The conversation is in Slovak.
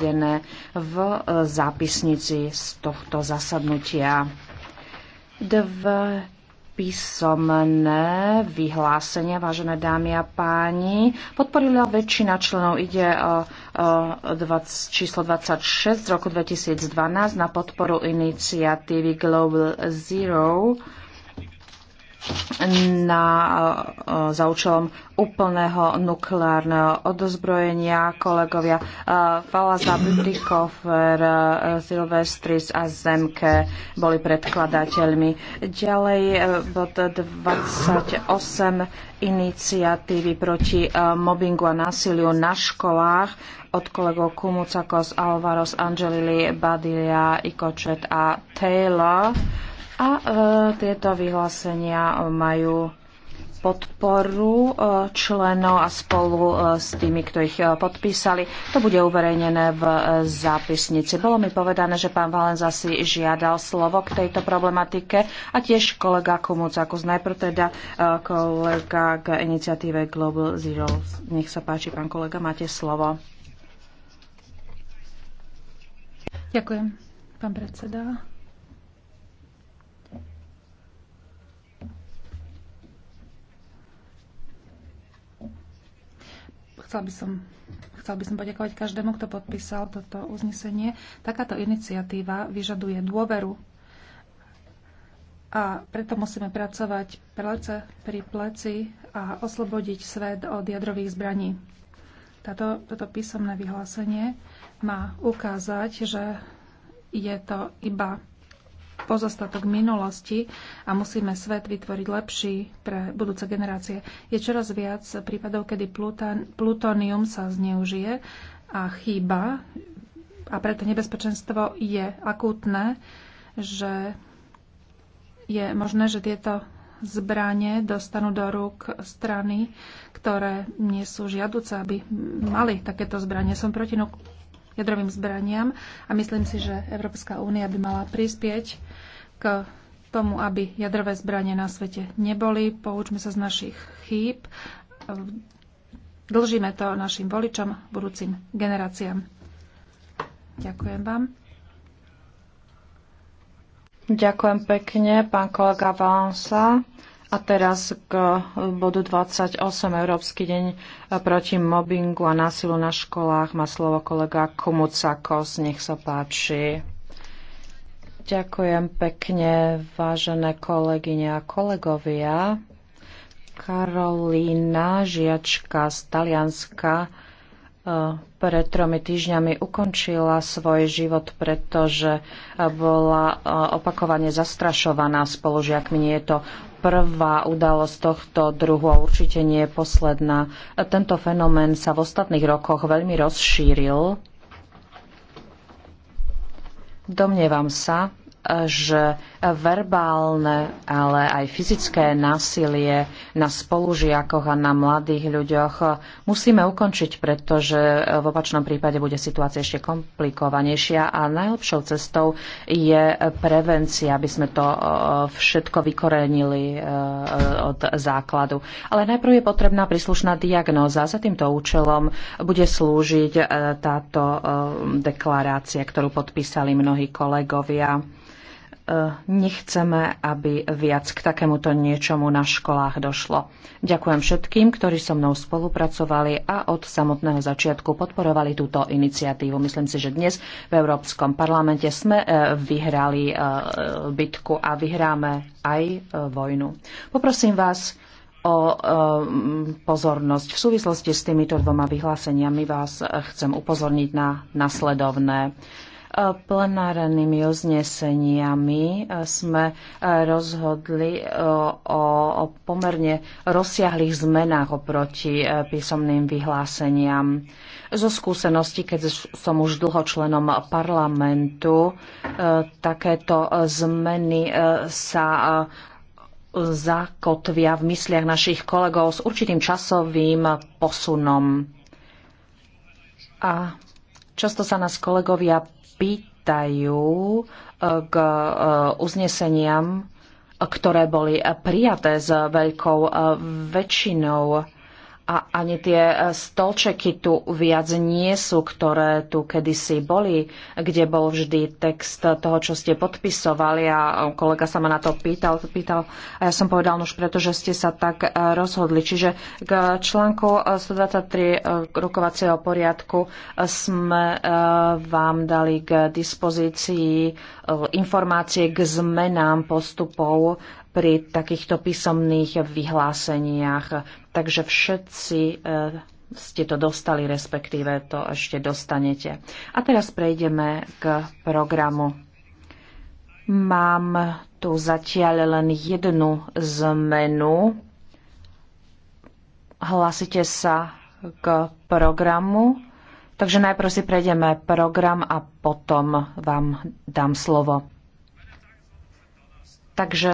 uvedené v e, zápisnici z tohto zasadnutia. Dve písomné vyhlásenia, vážené dámy a páni. Podporila väčšina členov, ide o, o 20, číslo 26 z roku 2012 na podporu iniciatívy Global Zero na, e, e, za účelom úplného nukleárneho odozbrojenia. Kolegovia e, Falaza, Bütikofer, Silvestris a Zemke boli predkladateľmi. Ďalej bod 28 iniciatívy proti mobbingu a násiliu na školách od kolegov Kumucakos, Alvaros, Angelili, Badilia, Ikočet a Taylor a e, tieto vyhlásenia majú podporu e, členov a spolu e, s tými, kto ich e, podpísali. To bude uverejnené v zápisnici. Bolo mi povedané, že pán Valenza si žiadal slovo k tejto problematike a tiež kolega Komucakus. Najprv teda kolega k iniciatíve Global Zero. Nech sa páči, pán kolega, máte slovo. Ďakujem, pán predseda. Chcel by som, chcel by som poďakovať každému, kto podpísal toto uznesenie. Takáto iniciatíva vyžaduje dôveru a preto musíme pracovať plece pri pleci a oslobodiť svet od jadrových zbraní. Tato, toto písomné vyhlásenie má ukázať, že je to iba pozostatok minulosti a musíme svet vytvoriť lepší pre budúce generácie. Je čoraz viac prípadov, kedy plutónium sa zneužije a chýba a preto nebezpečenstvo je akútne, že je možné, že tieto zbranie dostanú do rúk strany, ktoré nie sú žiaduce, aby mali takéto zbranie. Som proti jadrovým zbraniam a myslím si, že Európska únia by mala prispieť k tomu, aby jadrové zbranie na svete neboli. Poučme sa z našich chýb. Dlžíme to našim voličom, budúcim generáciám. Ďakujem vám. Ďakujem pekne, pán kolega Valensa. A teraz k eh, bodu 28, Európsky deň eh, proti mobbingu a násilu na školách. Má slovo kolega Kumucakos. nech sa páči. Ďakujem pekne, vážené kolegyne a kolegovia. Karolína, žiačka z Talianska, E, pred tromi týždňami ukončila svoj život, pretože e, bola e, opakovane zastrašovaná spolužiakmi. Nie je to prvá udalosť tohto druhu a určite nie je posledná. Tento fenomén sa v ostatných rokoch veľmi rozšíril. Domnievam sa, že verbálne, ale aj fyzické násilie na spolužiakoch a na mladých ľuďoch musíme ukončiť, pretože v opačnom prípade bude situácia ešte komplikovanejšia a najlepšou cestou je prevencia, aby sme to e, všetko vykorenili e, od základu. Ale najprv je potrebná príslušná diagnóza. Za týmto účelom bude slúžiť e, táto deklarácia, ktorú podpísali mnohí kolegovia. Eh, nechceme, aby viac k takémuto niečomu na školách došlo. Ďakujem všetkým, ktorí so mnou spolupracovali a od samotného začiatku podporovali túto iniciatívu. Myslím si, že dnes v Európskom parlamente sme eh, vyhrali eh, bitku a vyhráme aj vojnu. Poprosím vás o pozornosť. V súvislosti s týmito dvoma vyhláseniami vás chcem upozorniť na nasledovné plenárnymi uzneseniami e, sme e, rozhodli e, o pomerne rozsiahlých zmenách oproti písomným vyhláseniam. Zo skúsenosti, keď som už dlho členom parlamentu, takéto zmeny sa zakotvia v mysliach našich kolegov s určitým časovým posunom. A Často sa nás kolegovia pýtajú e, k e, uzneseniam, e, ktoré boli prijaté s veľkou väčšinou a ani tie e, stolčeky tu viac nie sú, ktoré tu kedysi boli, kde bol vždy text toho, čo ste podpisovali a e, kolega sa ma na to pýtal, pýtal a ja som povedal, preto, pretože ste sa tak e, rozhodli. Čiže k článku 123 rokovacieho poriadku sme vám dali k dispozícii informácie k zmenám postupov pri takýchto písomných vyhláseniach. Takže všetci eh, ste to dostali, respektíve to ešte dostanete. A teraz prejdeme k programu. Mám tu zatiaľ len jednu zmenu. Hlasíte sa k programu. Takže najprv si prejdeme program a potom vám dám slovo. Takže